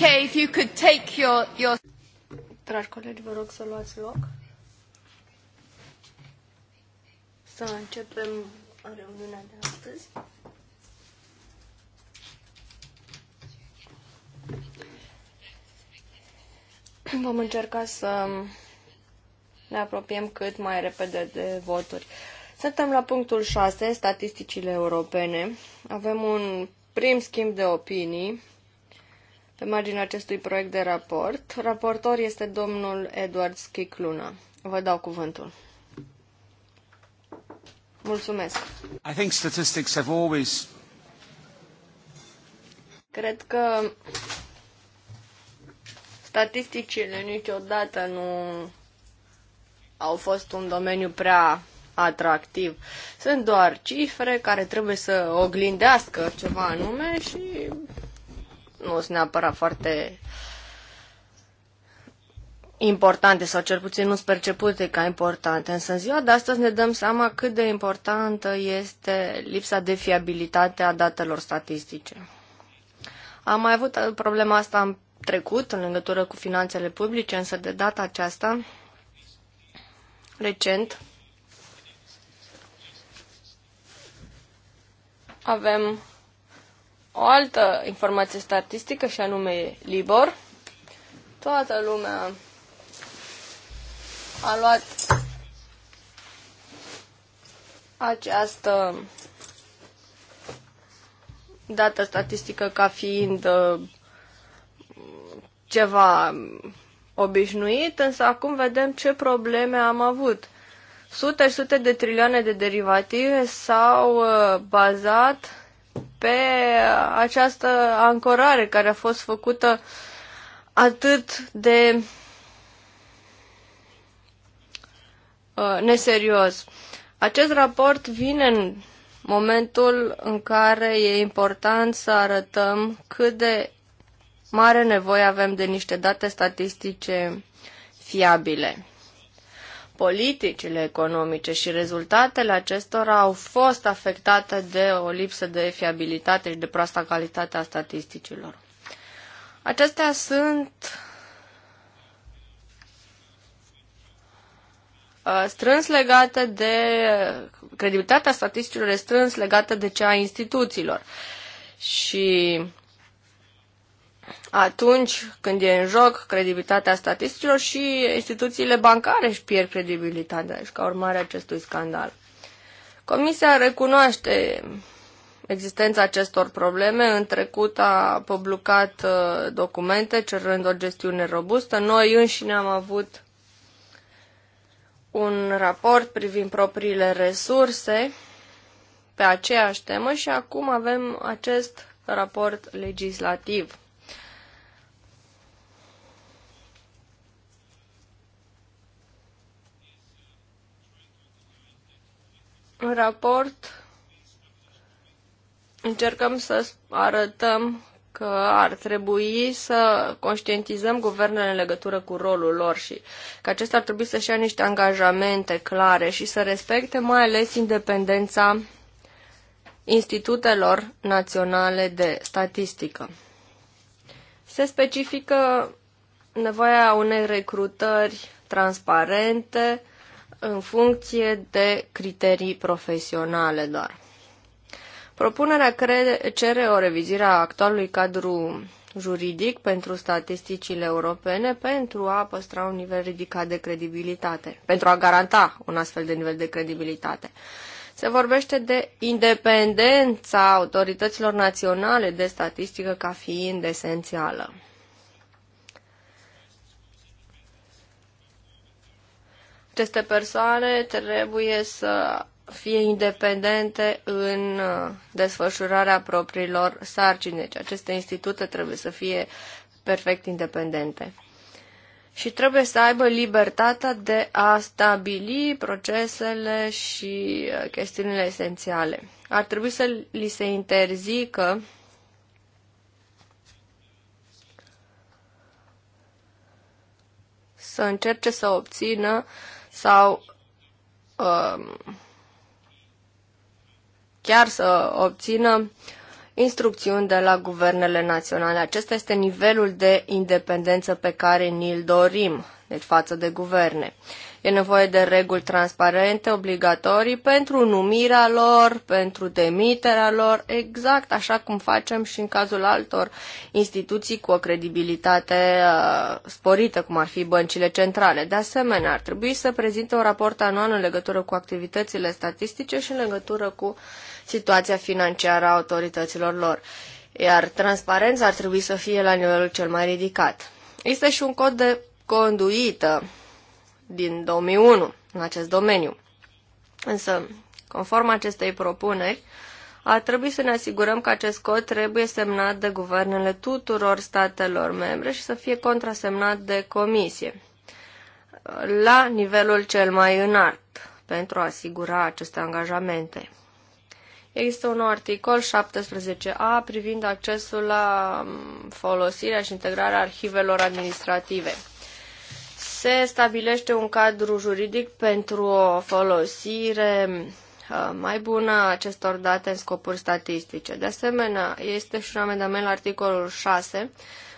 Okay, if you could take your, your... Dragi colegi, vă rog să luați loc. Să începem reuniunea de astăzi. Vom încerca să ne apropiem cât mai repede de voturi. Suntem la punctul 6, statisticile europene. Avem un prim schimb de opinii pe marginea acestui proiect de raport. Raportor este domnul Eduard Schicluna. Vă dau cuvântul. Mulțumesc. I think statistics have always... Cred că statisticile niciodată nu au fost un domeniu prea atractiv. Sunt doar cifre care trebuie să oglindească ceva anume și nu sunt neapărat foarte importante sau cel puțin nu sunt percepute ca importante. Însă în ziua de astăzi ne dăm seama cât de importantă este lipsa de fiabilitate a datelor statistice. Am mai avut problema asta în trecut în legătură cu finanțele publice, însă de data aceasta, recent, avem o altă informație statistică și anume Libor. Toată lumea a luat această dată statistică ca fiind uh, ceva obișnuit, însă acum vedem ce probleme am avut. Sute și sute de trilioane de derivative s-au uh, bazat pe această ancorare care a fost făcută atât de uh, neserios. Acest raport vine în momentul în care e important să arătăm cât de mare nevoie avem de niște date statistice fiabile politicile economice și rezultatele acestora au fost afectate de o lipsă de fiabilitate și de proasta calitate a statisticilor. Acestea sunt uh, strâns legate de credibilitatea statisticilor, strâns legată de cea a instituțiilor. Și atunci când e în joc credibilitatea statisticilor și instituțiile bancare își pierd credibilitatea și deci ca urmare acestui scandal. Comisia recunoaște existența acestor probleme. În trecut a publicat uh, documente cerând o gestiune robustă. Noi înșine am avut un raport privind propriile resurse pe aceeași temă și acum avem acest raport legislativ. În raport încercăm să arătăm că ar trebui să conștientizăm guvernele în legătură cu rolul lor și că acesta ar trebui să-și ia niște angajamente clare și să respecte mai ales independența institutelor naționale de statistică. Se specifică nevoia unei recrutări transparente, în funcție de criterii profesionale doar. Propunerea crede, cere o revizire a actualului cadru juridic pentru statisticile europene pentru a păstra un nivel ridicat de credibilitate, pentru a garanta un astfel de nivel de credibilitate. Se vorbește de independența autorităților naționale de statistică ca fiind esențială. Aceste persoane trebuie să fie independente în uh, desfășurarea propriilor sarcini. Deci aceste institute trebuie să fie perfect independente. Și trebuie să aibă libertatea de a stabili procesele și uh, chestiunile esențiale. Ar trebui să li se interzică să încerce să obțină uh, sau uh, chiar să obțină instrucțiuni de la guvernele naționale. Acesta este nivelul de independență pe care ni-l dorim, deci față de guverne. Uh, E nevoie de reguli transparente, obligatorii, pentru numirea lor, pentru demiterea lor, exact așa cum facem și în cazul altor instituții cu o credibilitate uh, sporită, cum ar fi băncile centrale. De asemenea, ar trebui să prezinte un raport anual în legătură cu activitățile statistice și în legătură cu situația financiară a autorităților lor. Iar transparența ar trebui să fie la nivelul cel mai ridicat. Este și un cod de conduită din 2001 în acest domeniu. Însă, conform acestei propuneri, ar trebui să ne asigurăm că acest cod trebuie semnat de guvernele tuturor statelor membre și să fie contrasemnat de comisie la nivelul cel mai înalt pentru a asigura aceste angajamente. Există un articol 17a privind accesul la folosirea și integrarea arhivelor administrative se stabilește un cadru juridic pentru o folosire uh, mai bună a acestor date în scopuri statistice. De asemenea, este și un amendament la articolul 6,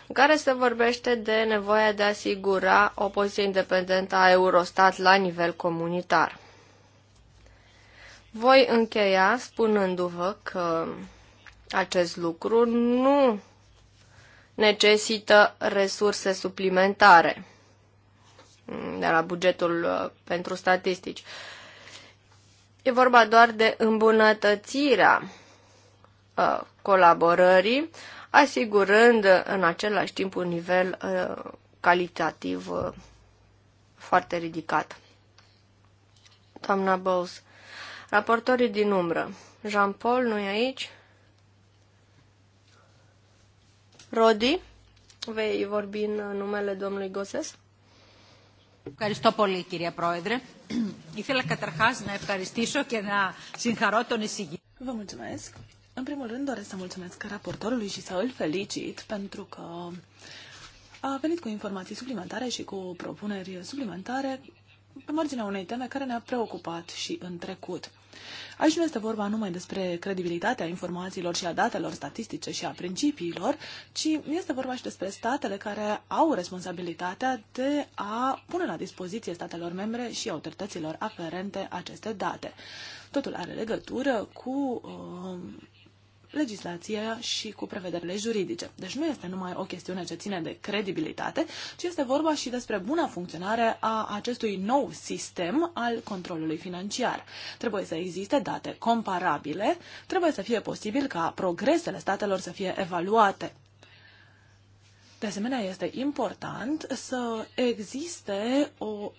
în care se vorbește de nevoia de a asigura o poziție independentă a Eurostat la nivel comunitar. Voi încheia spunându-vă că acest lucru nu necesită resurse suplimentare de la bugetul uh, pentru statistici. E vorba doar de îmbunătățirea uh, colaborării, asigurând în același timp un nivel uh, calitativ foarte ridicat. Doamna Bows, raportorii din umbră. Jean-Paul nu e aici? Rodi, vei vorbi în numele domnului Goses? Ευχαριστώ πολύ κυρία Πρόεδρε. Ήθελα καταρχάς να ευχαριστήσω και να συγχαρώ τον εισηγητή. Vă mulțumesc. În primul rând doresc să mulțumesc raportorului și să îl felicit pentru că a venit cu informații suplimentare și cu propuneri suplimentare pe marginea unei teme care ne-a preocupat și în trecut. Aici nu este vorba numai despre credibilitatea informațiilor și a datelor statistice și a principiilor, ci este vorba și despre statele care au responsabilitatea de a pune la dispoziție statelor membre și autorităților aferente aceste date. Totul are legătură cu uh, legislația și cu prevederile juridice. Deci nu este numai o chestiune ce ține de credibilitate, ci este vorba și despre buna funcționare a acestui nou sistem al controlului financiar. Trebuie să existe date comparabile, trebuie să fie posibil ca progresele statelor să fie evaluate. De asemenea, este important să existe o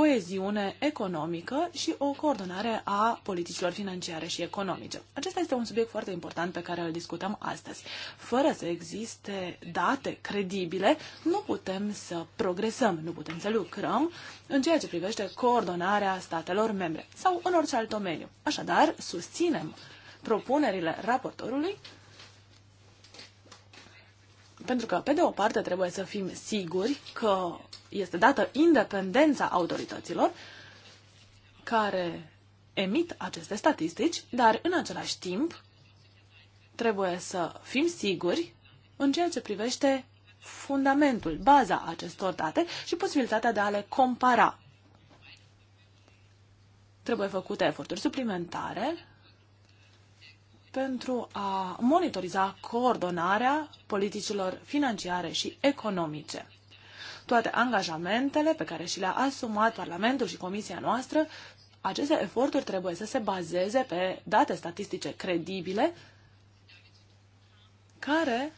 coeziune economică și o coordonare a politicilor financiare și economice. Acesta este un subiect foarte important pe care îl discutăm astăzi. Fără să existe date credibile, nu putem să progresăm, nu putem să lucrăm în ceea ce privește coordonarea statelor membre sau în orice alt domeniu. Așadar, susținem propunerile raportorului pentru că, pe de o parte, trebuie să fim siguri că este dată independența autorităților care emit aceste statistici, dar în același timp trebuie să fim siguri în ceea ce privește fundamentul, baza acestor date și posibilitatea de a le compara. Trebuie făcute eforturi suplimentare pentru a monitoriza coordonarea politicilor financiare și economice. Toate angajamentele pe care și le-a asumat Parlamentul și Comisia noastră, aceste eforturi trebuie să se bazeze pe date statistice credibile care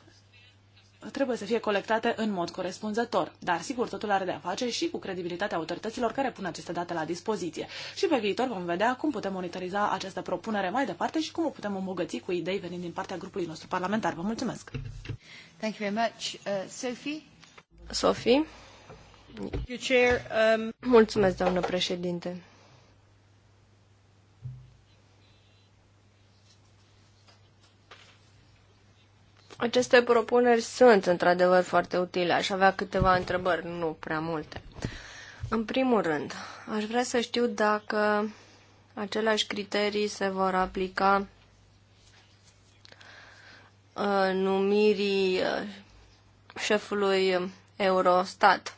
trebuie să fie colectate în mod corespunzător. Dar, sigur, totul are de-a face și cu credibilitatea autorităților care pun aceste date la dispoziție. Și pe viitor vom vedea cum putem monitoriza această propunere mai departe și cum o putem îmbogăți cu idei venind din partea grupului nostru parlamentar. Vă mulțumesc! Thank you very much. Uh, Sophie? Sophie? You chair, um... Mulțumesc, doamnă președinte. Aceste propuneri sunt într-adevăr foarte utile. Aș avea câteva întrebări, nu prea multe. În primul rând, aș vrea să știu dacă aceleași criterii se vor aplica uh, numirii uh, șefului Eurostat.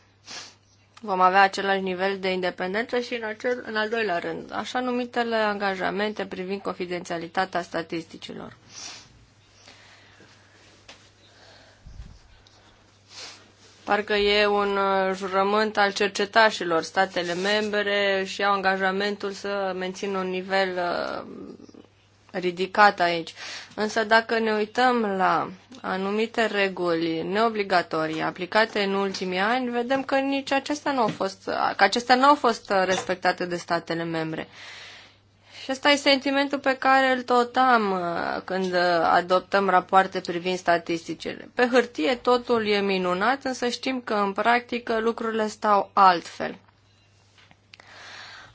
Vom avea același nivel de independență și în, acel, în al doilea rând, așa numitele angajamente privind confidențialitatea statisticilor. Parcă e un uh, jurământ al cercetașilor. Statele membre și au angajamentul să mențină un nivel uh, ridicat aici. Însă dacă ne uităm la anumite reguli neobligatorii aplicate în ultimii ani, vedem că nici acestea nu au fost, că acestea nu au fost uh, respectate de statele membre. Uh, și ăsta e sentimentul pe care îl am, uh, când uh, adoptăm rapoarte privind statisticile. Pe hârtie totul e minunat, însă știm că în practică lucrurile stau altfel.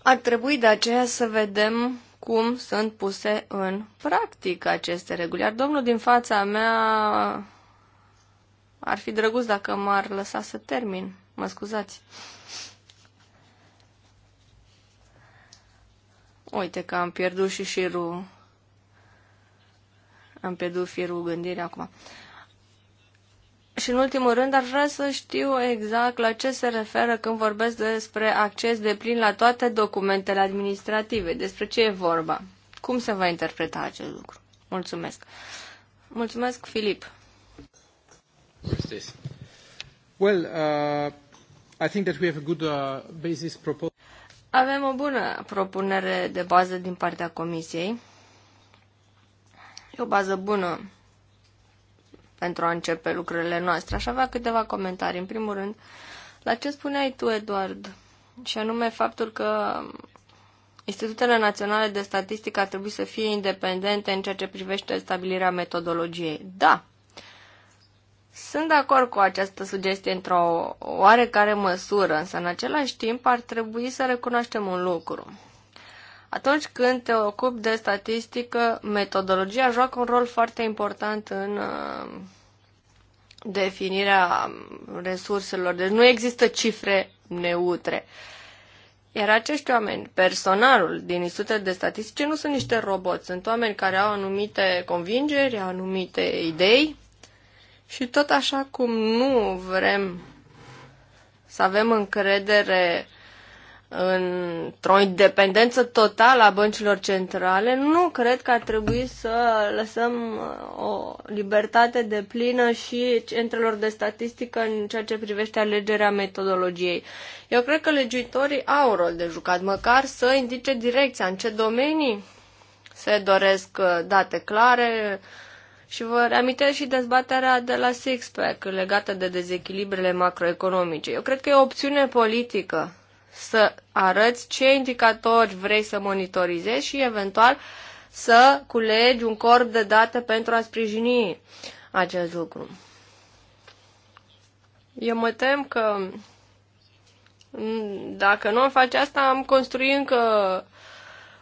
Ar trebui de aceea să vedem cum sunt puse în practică aceste reguli. Iar domnul din fața mea ar fi drăguț dacă m-ar lăsa să termin. Mă scuzați. Uite că am pierdut și șirul. Am pierdut firul gândirii acum. Și în ultimul rând, ar vrea să știu exact la ce se referă când vorbesc despre acces de plin la toate documentele administrative. Despre ce e vorba? Cum se va interpreta acest lucru? Mulțumesc. Mulțumesc, Filip. Well, uh, I think that we have a good uh, basis proposal. Avem o bună propunere de bază din partea Comisiei. E o bază bună pentru a începe lucrurile noastre. Aș avea câteva comentarii. În primul rând, la ce spuneai tu, Eduard, și anume faptul că Institutele Naționale de Statistică ar trebui să fie independente în ceea ce privește stabilirea metodologiei. Da, sunt de acord cu această sugestie într-o oarecare măsură, însă în același timp ar trebui să recunoaștem un lucru. Atunci când te ocupi de statistică, metodologia joacă un rol foarte important în uh, definirea resurselor. Deci nu există cifre neutre. Iar acești oameni, personalul din institutele de statistice, nu sunt niște roboți. Sunt oameni care au anumite convingeri, au anumite idei și tot așa cum nu vrem să avem încredere într-o independență totală a băncilor centrale, nu cred că ar trebui să lăsăm uh, o libertate de plină și centrelor de statistică în ceea ce privește alegerea metodologiei. Eu cred că legiuitorii au rol de jucat, măcar să indice direcția, în ce domenii se doresc uh, date clare, și vă reamintesc și dezbaterea de la Sixpack legată de dezechilibrele macroeconomice. Eu cred că e o opțiune politică să arăți ce indicatori vrei să monitorizezi și eventual să culegi un corp de date pentru a sprijini acest lucru. Eu mă tem că dacă nu am face asta, am construit încă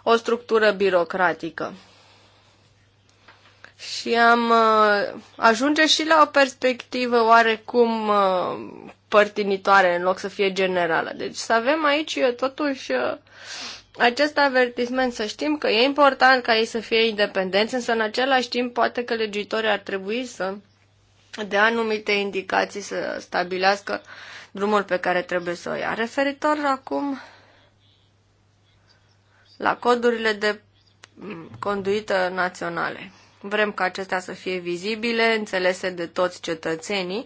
o structură birocratică și am uh, ajunge și la o perspectivă oarecum uh, părtinitoare în loc să fie generală. Deci să avem aici uh, totuși acest avertisment, să știm că e important ca ei să fie independenți, însă în același timp poate că legitorii ar trebui să dea anumite indicații să stabilească drumul pe care trebuie să o ia. Referitor acum la codurile de mm, conduită naționale. Vrem ca acestea să fie vizibile, înțelese de toți cetățenii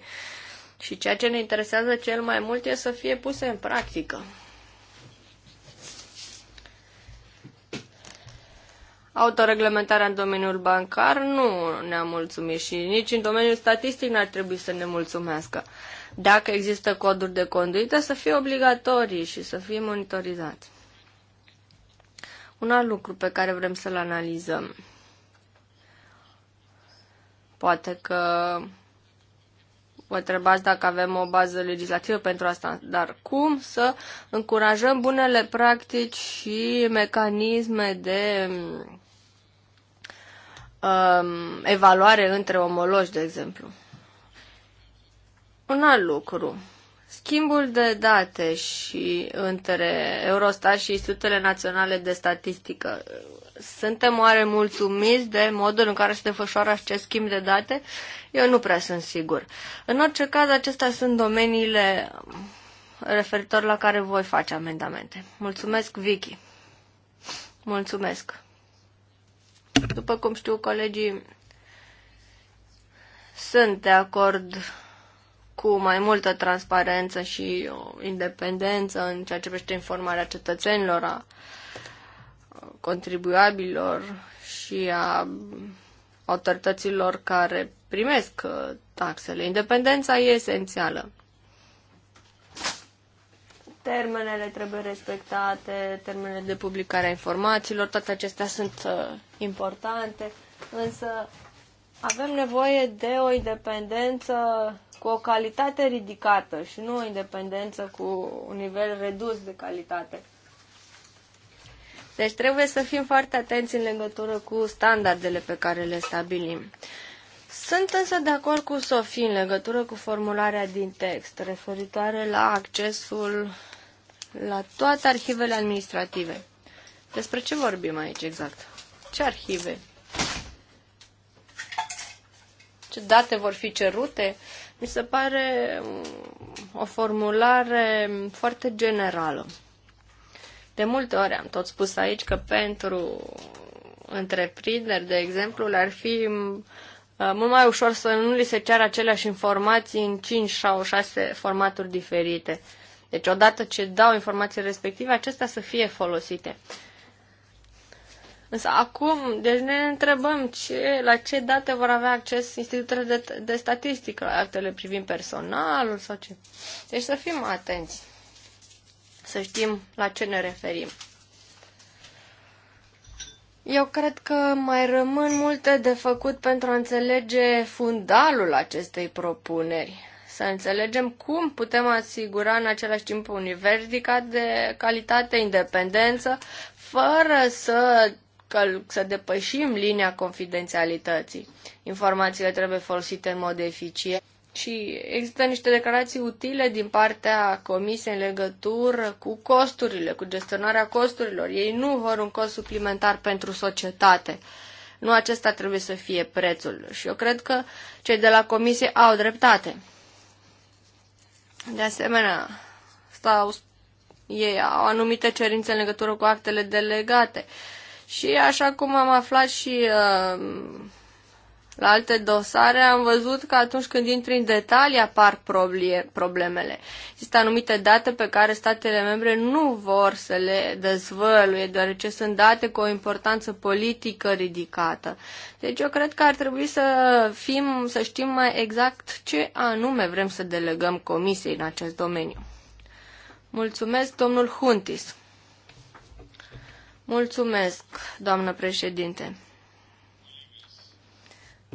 și ceea ce ne interesează cel mai mult e să fie puse în practică. Autoreglementarea în domeniul bancar nu ne-a mulțumit și nici în domeniul statistic n-ar trebui să ne mulțumească. Dacă există coduri de conduită, să fie obligatorii și să fie monitorizați. Un alt lucru pe care vrem să-l analizăm Poate că vă întrebați dacă avem o bază legislativă pentru asta, dar cum să încurajăm bunele practici și mecanisme de um, evaluare între omologi, de exemplu. Un alt lucru. Schimbul de date și între Eurostat și Institutele Naționale de Statistică suntem oare mulțumiți de modul în care se desfășoară acest schimb de date? Eu nu prea sunt sigur. În orice caz, acestea sunt domeniile referitor la care voi face amendamente. Mulțumesc, Vicky. Mulțumesc. După cum știu, colegii sunt de acord cu mai multă transparență și independență în ceea ce privește informarea cetățenilor, a contribuabililor și a autorităților care primesc uh, taxele. Independența e esențială. Termenele trebuie respectate, termenele de publicare a informațiilor, toate acestea sunt uh, importante, însă avem nevoie de o independență cu o calitate ridicată și nu o independență cu un nivel redus de calitate. Deci trebuie să fim foarte atenți în legătură cu standardele pe care le stabilim. Sunt însă de acord cu Sofie în legătură cu formularea din text referitoare la accesul la toate arhivele administrative. Despre ce vorbim aici exact? Ce arhive? Ce date vor fi cerute? Mi se pare um, o formulare foarte generală. De multe ori am tot spus aici că pentru întreprinderi, de exemplu, ar fi uh, mult mai ușor să nu li se ceară aceleași informații în 5 sau 6 formaturi diferite. Deci odată ce dau informațiile respective, acestea să fie folosite. Însă acum, deci ne întrebăm ce, la ce date vor avea acces institutele de, de statistică, actele privind personalul sau ce. Deci să fim atenți să știm la ce ne referim. Eu cred că mai rămân multe de făcut pentru a înțelege fundalul acestei propuneri. Să înțelegem cum putem asigura în același timp un nivel ridicat de calitate, independență, fără să, să depășim linia confidențialității. Informațiile trebuie folosite în mod eficient și există niște declarații utile din partea comisiei în legătură cu costurile, cu gestionarea costurilor. Ei nu vor un cost suplimentar pentru societate. Nu acesta trebuie să fie prețul. Și eu cred că cei de la comisie au dreptate. De asemenea, stau, ei au anumite cerințe în legătură cu actele delegate. Și așa cum am aflat și uh, la alte dosare am văzut că atunci când intri în detalii apar problemele. Există anumite date pe care statele membre nu vor să le dezvăluie, deoarece sunt date cu o importanță politică ridicată. Deci eu cred că ar trebui să fim, să știm mai exact ce anume vrem să delegăm comisiei în acest domeniu. Mulțumesc, domnul Huntis. Mulțumesc, doamnă președinte.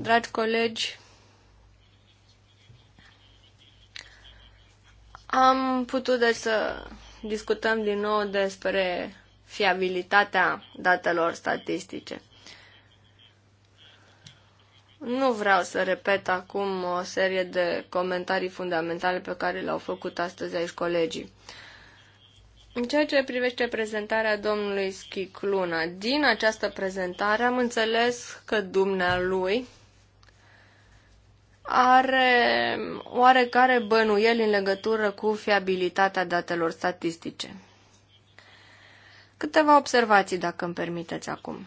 Dragi colegi, am putut de să discutăm din nou despre fiabilitatea datelor statistice. Nu vreau să repet acum o serie de comentarii fundamentale pe care le-au făcut astăzi aici colegii. În ceea ce privește prezentarea domnului Schicluna, din această prezentare am înțeles că dumnealui are oarecare bănuiel în legătură cu fiabilitatea datelor statistice. Câteva observații, dacă îmi permiteți acum.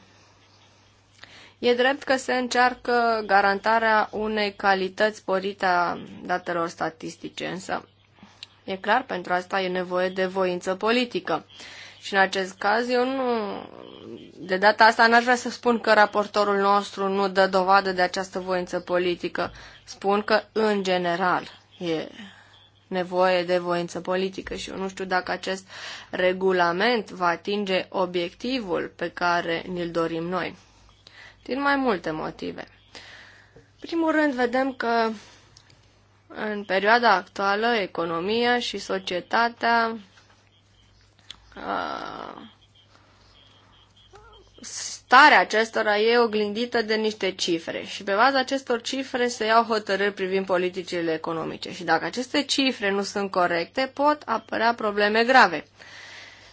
E drept că se încearcă garantarea unei calități sporite a datelor statistice, însă e clar, pentru asta e nevoie de voință politică. Și în acest caz eu nu... De data asta n-aș vrea să spun că raportorul nostru nu dă dovadă de această voință politică, spun că, în general, e nevoie de voință politică și eu nu știu dacă acest regulament va atinge obiectivul pe care ni-l dorim noi. Din mai multe motive. Primul rând, vedem că în perioada actuală, economia și societatea uh, Starea acestora e oglindită de niște cifre și pe baza acestor cifre se iau hotărâri privind politicile economice și dacă aceste cifre nu sunt corecte, pot apărea probleme grave.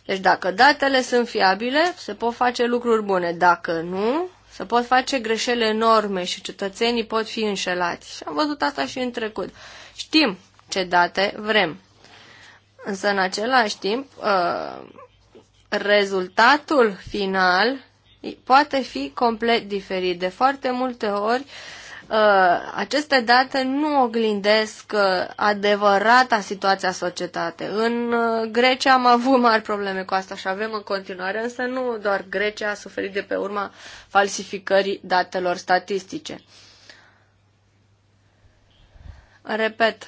Deci dacă datele sunt fiabile, se pot face lucruri bune. Dacă nu, se pot face greșeli enorme și cetățenii pot fi înșelați. Și am văzut asta și în trecut. Știm ce date vrem. Însă, în același timp, uh, rezultatul final poate fi complet diferit. De foarte multe ori, uh, aceste date nu oglindesc uh, adevărata situația societate. În uh, Grecia am avut mari probleme cu asta și avem în continuare, însă nu doar Grecia a suferit de pe urma falsificării datelor statistice. Repet,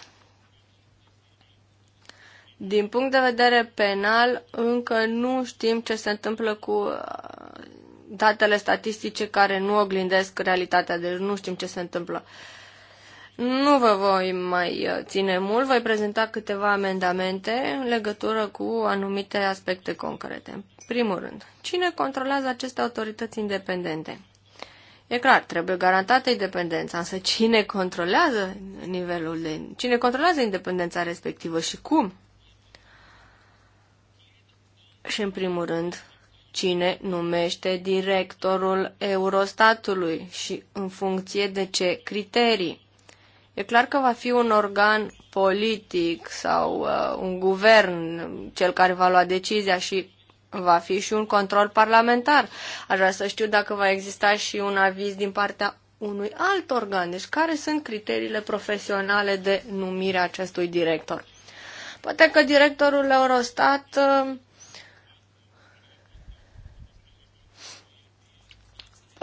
din punct de vedere penal, încă nu știm ce se întâmplă cu datele statistice care nu oglindesc realitatea, deci nu știm ce se întâmplă. Nu vă voi mai uh, ține mult, voi prezenta câteva amendamente în legătură cu anumite aspecte concrete. În primul rând, cine controlează aceste autorități independente? E clar, trebuie garantată independența, însă cine controlează nivelul de... Cine controlează independența respectivă și cum? Și în primul rând, cine numește directorul Eurostatului și în funcție de ce criterii. E clar că va fi un organ politic sau uh, un guvern cel care va lua decizia și va fi și un control parlamentar. Aș vrea să știu dacă va exista și un aviz din partea unui alt organ. Deci care sunt criteriile profesionale de numire a acestui director? Poate că directorul Eurostat uh,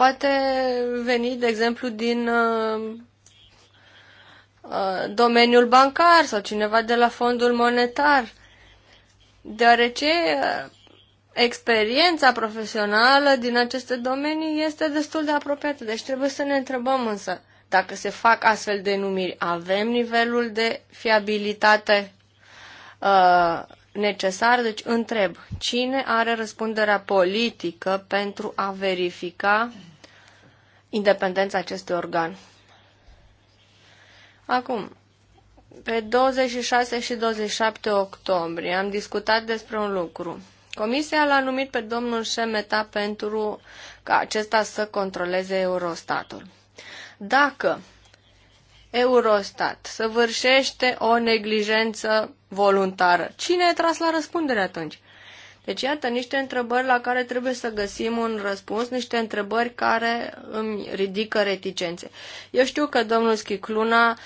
poate veni, de exemplu, din uh, uh, domeniul bancar sau cineva de la fondul monetar, deoarece uh, experiența profesională din aceste domenii este destul de apropiată. Deci trebuie să ne întrebăm însă dacă se fac astfel de numiri, avem nivelul de fiabilitate uh, necesar? Deci întreb, cine are răspunderea politică pentru a verifica independența acestui organ. Acum, pe 26 și 27 octombrie am discutat despre un lucru. Comisia l-a numit pe domnul Șemeta pentru ca acesta să controleze Eurostatul. Dacă Eurostat săvârșește o neglijență voluntară, cine e tras la răspundere atunci? Deci, iată niște întrebări la care trebuie să găsim un răspuns, niște întrebări care îmi ridică reticențe. Eu știu că domnul Schicluna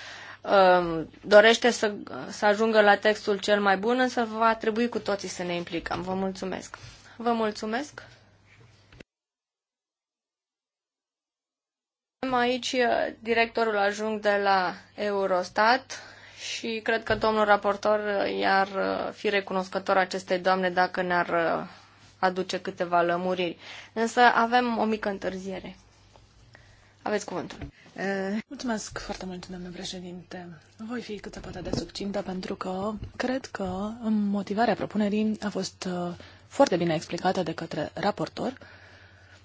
um, dorește să, să ajungă la textul cel mai bun, însă va trebui cu toții să ne implicăm. Vă mulțumesc! Vă mulțumesc! aici uh, directorul ajung de la Eurostat, și cred că domnul raportor uh, i-ar uh, fi recunoscător acestei doamne dacă ne-ar uh, aduce câteva lămuriri. Însă avem o mică întârziere. Aveți cuvântul. Mulțumesc foarte mult, domnule președinte. Voi fi cât se poate de succintă pentru că cred că motivarea propunerii a fost foarte bine explicată de către raportor.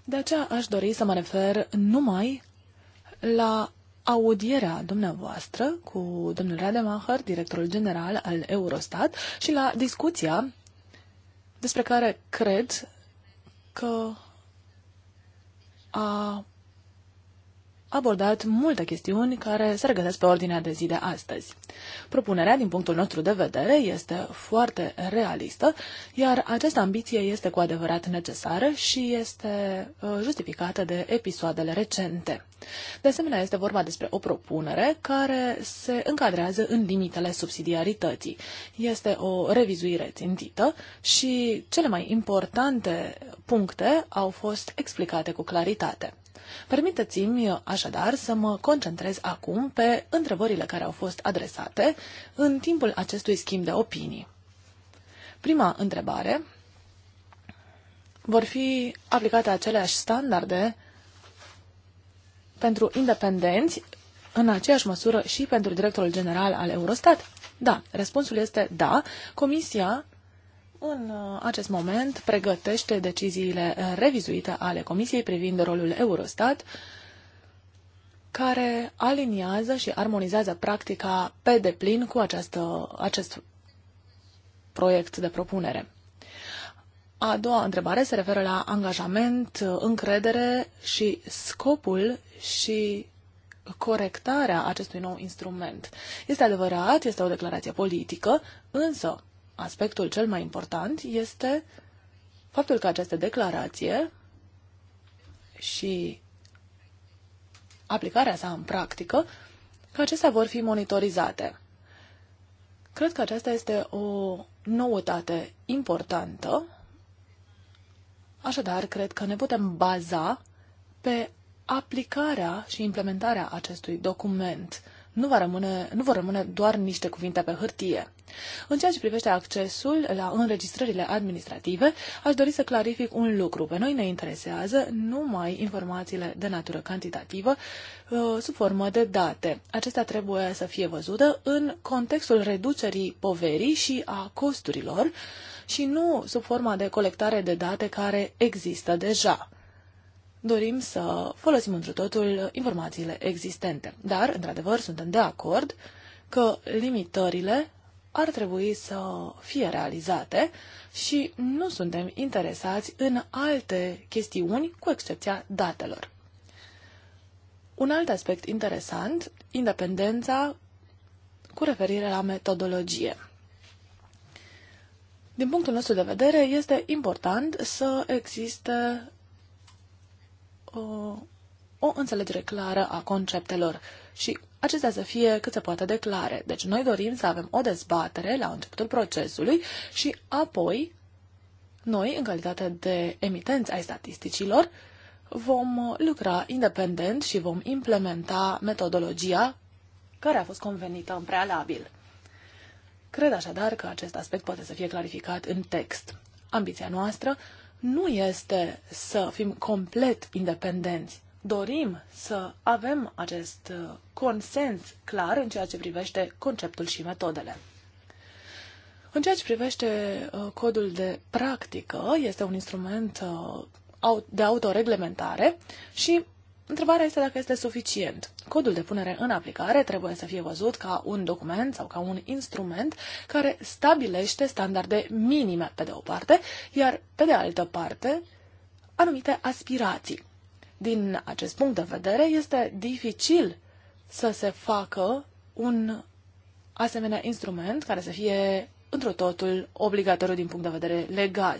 De aceea aș dori să mă refer numai la audierea dumneavoastră cu domnul Rademacher, directorul general al Eurostat, și la discuția despre care cred că a abordat multe chestiuni care se regăsesc pe ordinea de zi de astăzi. Propunerea, din punctul nostru de vedere, este foarte realistă, iar această ambiție este cu adevărat necesară și este uh, justificată de episoadele recente. De asemenea, este vorba despre o propunere care se încadrează în limitele subsidiarității. Este o revizuire țintită și cele mai importante puncte au fost explicate cu claritate. Permiteți-mi așadar să mă concentrez acum pe întrebările care au fost adresate în timpul acestui schimb de opinii. Prima întrebare. Vor fi aplicate aceleași standarde pentru independenți în aceeași măsură și pentru directorul general al Eurostat? Da, răspunsul este da. Comisia în uh, acest moment pregătește deciziile uh, revizuite ale Comisiei privind rolul Eurostat, care aliniază și armonizează practica pe deplin cu această, acest proiect de propunere. A doua întrebare se referă la angajament, uh, încredere și scopul și corectarea acestui nou instrument. Este adevărat, este o declarație politică, însă aspectul cel mai important este faptul că această declarație și aplicarea sa în practică, că acestea vor fi monitorizate. Cred că aceasta este o noutate importantă, așadar cred că ne putem baza pe aplicarea și implementarea acestui document nu, va rămâne, nu vor rămâne doar niște cuvinte pe hârtie. În ceea ce privește accesul la înregistrările administrative, aș dori să clarific un lucru. Pe noi ne interesează numai informațiile de natură cantitativă uh, sub formă de date. Acestea trebuie să fie văzute în contextul reducerii poverii și a costurilor și nu sub forma de colectare de date care există deja dorim să folosim într totul informațiile existente. Dar, într-adevăr, suntem de acord că limitările ar trebui să fie realizate și nu suntem interesați în alte chestiuni, cu excepția datelor. Un alt aspect interesant, independența cu referire la metodologie. Din punctul nostru de vedere, este important să existe o, o înțelegere clară a conceptelor și acestea să fie cât se poate de clare. Deci noi dorim să avem o dezbatere la începutul procesului și apoi noi, în calitate de emitenți ai statisticilor, vom lucra independent și vom implementa metodologia care a fost convenită în prealabil. Cred așadar că acest aspect poate să fie clarificat în text. Ambiția noastră nu este să fim complet independenți. Dorim să avem acest uh, consens clar în ceea ce privește conceptul și metodele. În ceea ce privește uh, codul de practică, este un instrument uh, de autoreglementare și Întrebarea este dacă este suficient. Codul de punere în aplicare trebuie să fie văzut ca un document sau ca un instrument care stabilește standarde minime, pe de o parte, iar pe de altă parte, anumite aspirații. Din acest punct de vedere, este dificil să se facă un asemenea instrument care să fie într-o totul obligatoriu din punct de vedere legal.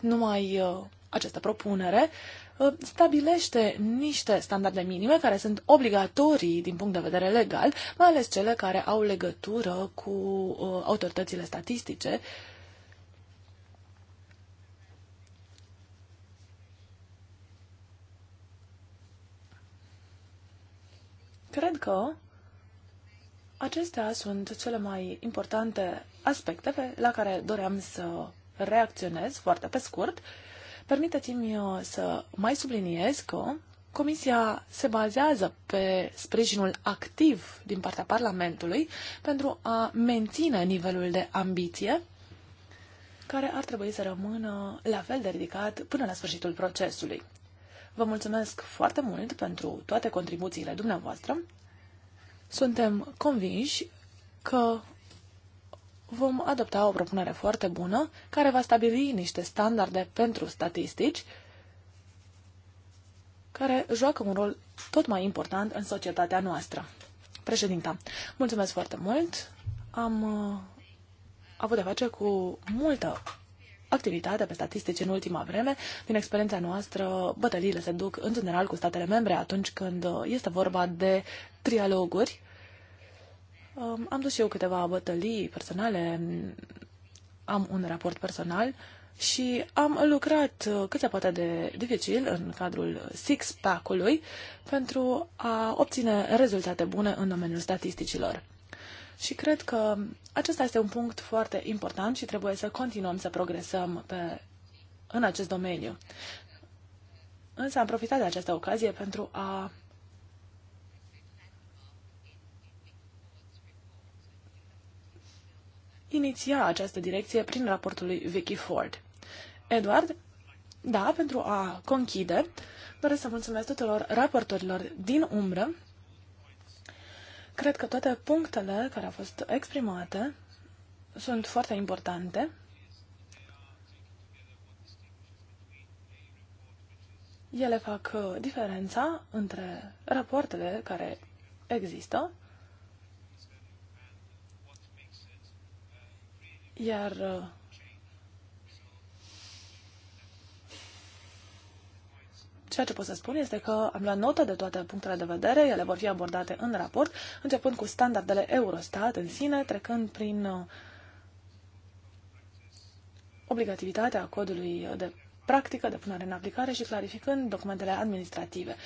Numai uh, această propunere Uh, stabilește niște standarde minime care sunt obligatorii din punct de vedere legal, mai ales cele care au legătură cu uh, autoritățile statistice. Cred că acestea sunt cele mai importante aspecte la care doream să reacționez foarte pe scurt Permiteți-mi uh, să mai subliniez că Comisia se bazează pe sprijinul activ din partea Parlamentului pentru a menține nivelul de ambiție care ar trebui să rămână la fel de ridicat până la sfârșitul procesului. Vă mulțumesc foarte mult pentru toate contribuțiile dumneavoastră. Suntem convinși că vom adopta o propunere foarte bună care va stabili niște standarde pentru statistici care joacă un rol tot mai important în societatea noastră. Președinta, mulțumesc foarte mult. Am uh, avut de face cu multă activitate pe statistici în ultima vreme. Din experiența noastră, bătăliile se duc în general cu statele membre atunci când uh, este vorba de trialoguri Um, am dus eu câteva bătălii personale, am un raport personal și am lucrat uh, cât se poate de dificil în cadrul six-pack-ului pentru a obține rezultate bune în domeniul statisticilor. Și cred că acesta este un punct foarte important și trebuie să continuăm să progresăm pe, în acest domeniu. Însă am profitat de această ocazie pentru a iniția această direcție prin raportul lui Vicky Ford. Edward, da, pentru a conchide, doresc să mulțumesc tuturor raportorilor din umbră. Cred că toate punctele care au fost exprimate sunt foarte importante. Ele fac uh, diferența între rapoartele care există Iar uh, Ceea ce pot să spun este că am luat notă de toate punctele de vedere, ele vor fi abordate în raport, începând cu standardele Eurostat în sine, trecând prin uh, obligativitatea codului de practică, de punere în aplicare și clarificând documentele administrative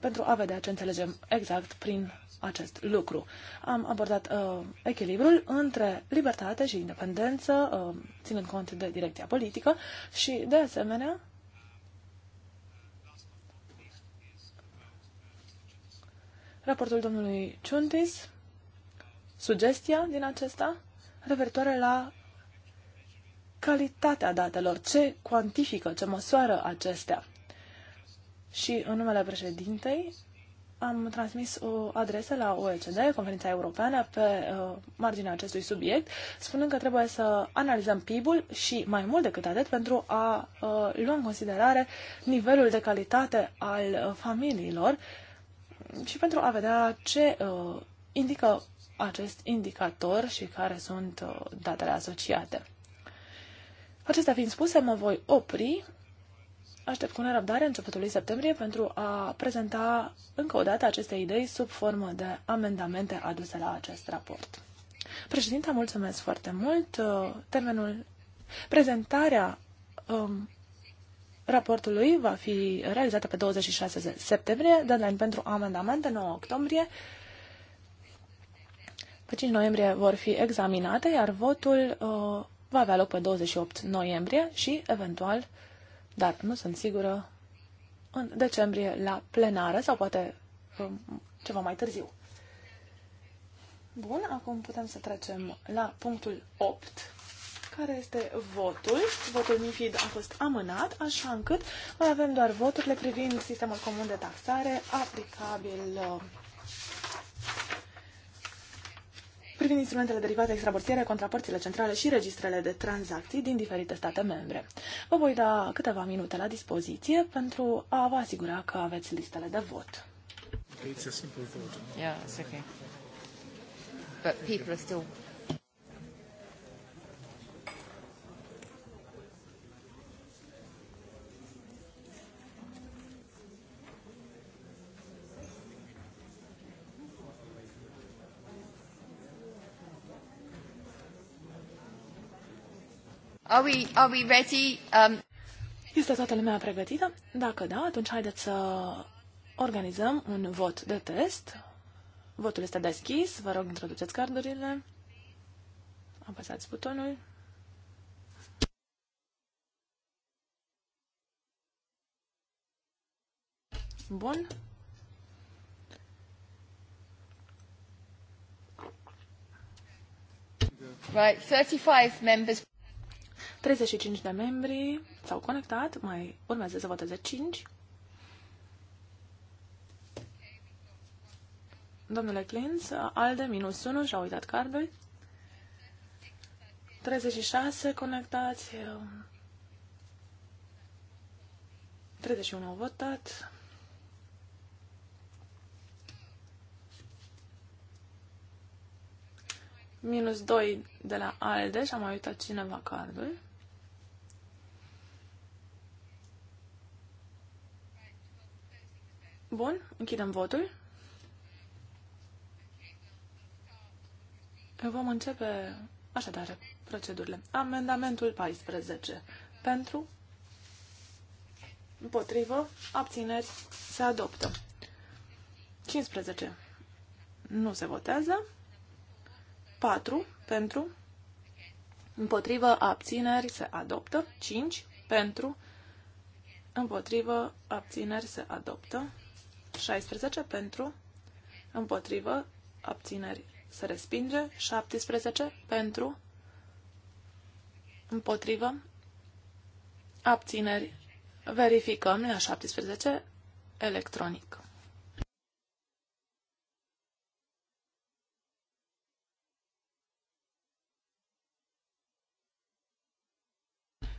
pentru a vedea ce înțelegem exact prin acest lucru. Am abordat uh, echilibrul între libertate și independență, uh, ținând cont de direcția politică și, de asemenea, raportul domnului Ciuntis, sugestia din acesta referitoare la calitatea datelor, ce cuantifică, ce măsoară acestea și în numele președintei am transmis o adresă la OECD, Conferința Europeană, pe uh, marginea acestui subiect, spunând că trebuie să analizăm PIB-ul și mai mult decât atât pentru a uh, lua în considerare nivelul de calitate al uh, familiilor și pentru a vedea ce indică acest indicator și care sunt datele asociate. Acestea fiind spuse, mă voi opri aștept cu nerăbdare începutul lui septembrie pentru a prezenta încă o dată aceste idei sub formă de amendamente aduse la acest raport. Președinte, mulțumesc foarte mult. Termenul prezentarea um, raportului va fi realizată pe 26 septembrie, deadline pentru amendamente 9 octombrie. Pe 5 noiembrie vor fi examinate, iar votul uh, va avea loc pe 28 noiembrie și, eventual, dar nu sunt sigură, în decembrie la plenară sau poate um, ceva mai târziu. Bun, acum putem să trecem la punctul 8, care este votul. Votul MIFID a fost amânat, așa încât mai avem doar voturile privind sistemul comun de taxare aplicabil uh, privind instrumentele derivate extrabursiere, contrapărțile centrale și registrele de tranzacții din diferite state membre. Vă voi da câteva minute la dispoziție pentru a vă asigura că aveți listele de vot. Okay, it's a simple vote. Yeah, it's okay. But people are still Are we, are we ready? Um... Este toată lumea pregătită? Dacă da, atunci haideți să organizăm un vot de test. Votul este deschis. Vă rog, introduceți cardurile. Apăsați butonul. Bun. Right, 35 members. 35 de membri s-au conectat, mai urmează să voteze 5. Domnule Clintz, ALDE minus 1 și-a uitat cardul. 36 conectați. 31 um, au votat. Minus 2 de la ALDE și-a mai uitat cineva cardul. Bun, închidem votul. Vom începe așadar procedurile. Amendamentul 14. Pentru, împotrivă, abțineri, se adoptă. 15. Nu se votează. 4. Pentru, împotrivă, abțineri, se adoptă. 5. Pentru, împotrivă, abțineri, se adoptă. 16 pentru, împotrivă, abțineri se respinge, 17 pentru, împotrivă, abțineri. Verificăm la 17 electronic.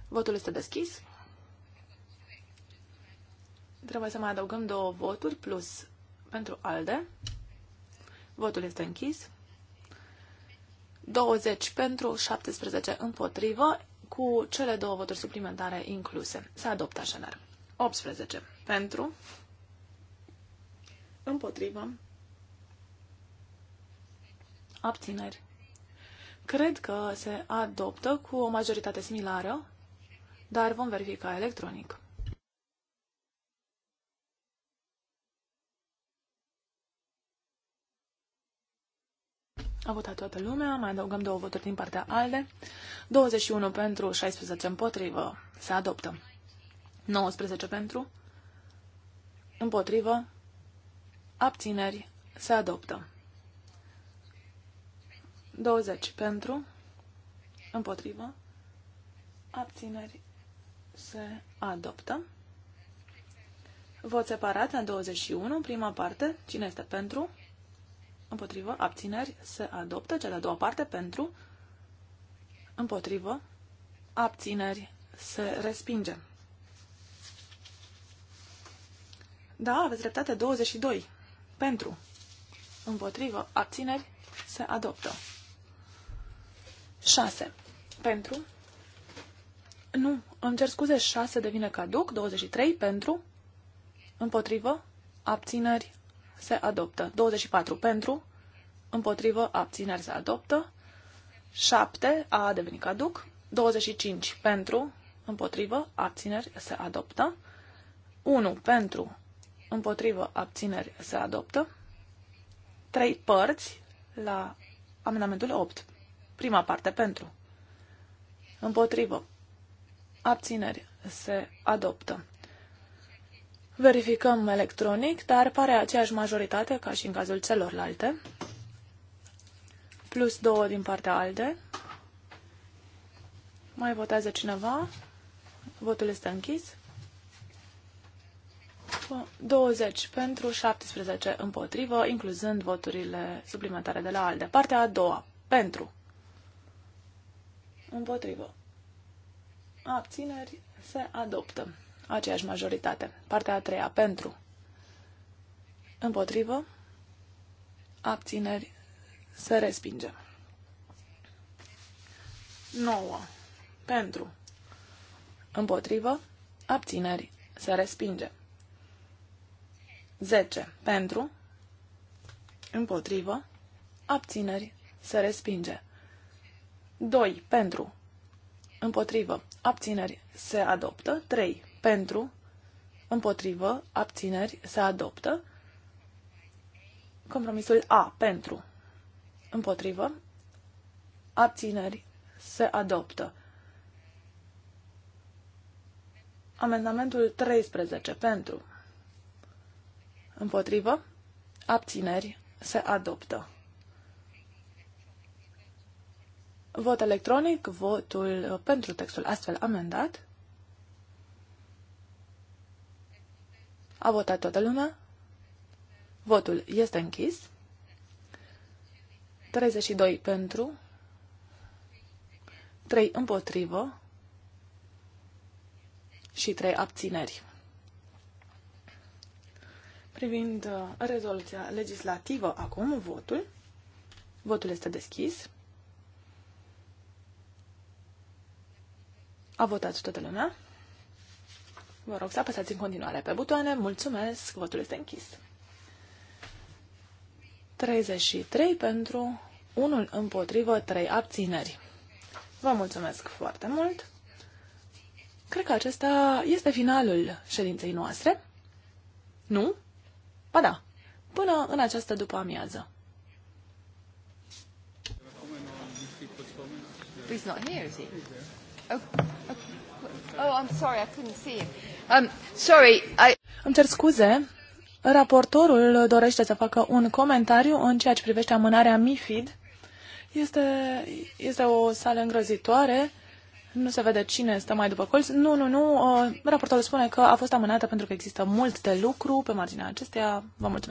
Votul este deschis. Trebuie să mai adăugăm două voturi plus pentru ALDE. Votul este închis. 20 pentru, 17 împotrivă, cu cele două voturi suplimentare incluse. Se adoptă așadar. 18 pentru, împotrivă, abțineri. Cred că se adoptă cu o majoritate similară, dar vom verifica electronic. A votat toată lumea, mai adăugăm două voturi din partea ALDE. 21 pentru, 16 împotrivă. Se adoptă. 19 pentru, împotrivă, abțineri, se adoptă. 20 pentru, împotrivă, abțineri, se adoptă. Vot separat la 21, prima parte, cine este pentru, împotrivă, abțineri, se adoptă. Cea de-a doua parte pentru, împotrivă, abțineri, se respinge. Da, aveți dreptate, 22. Pentru, împotrivă, abțineri, se adoptă. 6. Pentru, nu, îmi cer scuze, 6 devine caduc, 23 pentru, împotrivă, abțineri, se adoptă. 24 pentru, împotrivă, abțineri se adoptă. 7 a devenit caduc. 25 pentru, împotrivă, abțineri se adoptă. 1 pentru, împotrivă, abțineri se adoptă. 3 părți la amendamentul 8. Prima parte pentru, împotrivă, abțineri se adoptă. Verificăm electronic, dar pare aceeași majoritate ca și în cazul celorlalte. Plus 2 din partea ALDE. Mai votează cineva. Votul este închis. 20 pentru, 17 împotrivă, incluzând voturile suplimentare de la ALDE. Partea a doua, pentru, împotrivă, abțineri, se adoptă aceeași majoritate. Partea a treia, pentru, împotrivă, abțineri, se respinge. 9. Pentru, împotrivă, abțineri, se respinge. 10. Pentru, împotrivă, abțineri, se respinge. 2. Pentru, împotrivă, abțineri, se adoptă. 3 pentru, împotrivă, abțineri, se adoptă. Compromisul A, pentru, împotrivă, abțineri, se adoptă. Amendamentul 13, pentru, împotrivă, abțineri, se adoptă. Vot electronic, votul pentru textul astfel amendat. A votat toată lumea? Votul este închis. 32 pentru, 3 împotrivă și 3 abțineri. Privind uh, rezoluția legislativă, acum votul. Votul este deschis. A votat toată lumea. Vă rog să apăsați în continuare pe butoane. Mulțumesc, votul este închis. 33 pentru, 1 împotrivă, 3 abțineri. Vă mulțumesc foarte mult. Cred că acesta este finalul ședinței noastre. Nu? Ba da, până în această după amiază. He's not here, is he? Oh, okay. oh, I'm sorry, I couldn't see him. Um, Îmi cer scuze. Raportorul dorește să facă un comentariu în ceea ce privește amânarea MIFID. Este, este o sală îngrozitoare. Nu se vede cine stă mai după colț. Nu, nu, nu. Uh, raportorul spune că a fost amânată pentru că există mult de lucru pe marginea acesteia. Vă mulțumesc.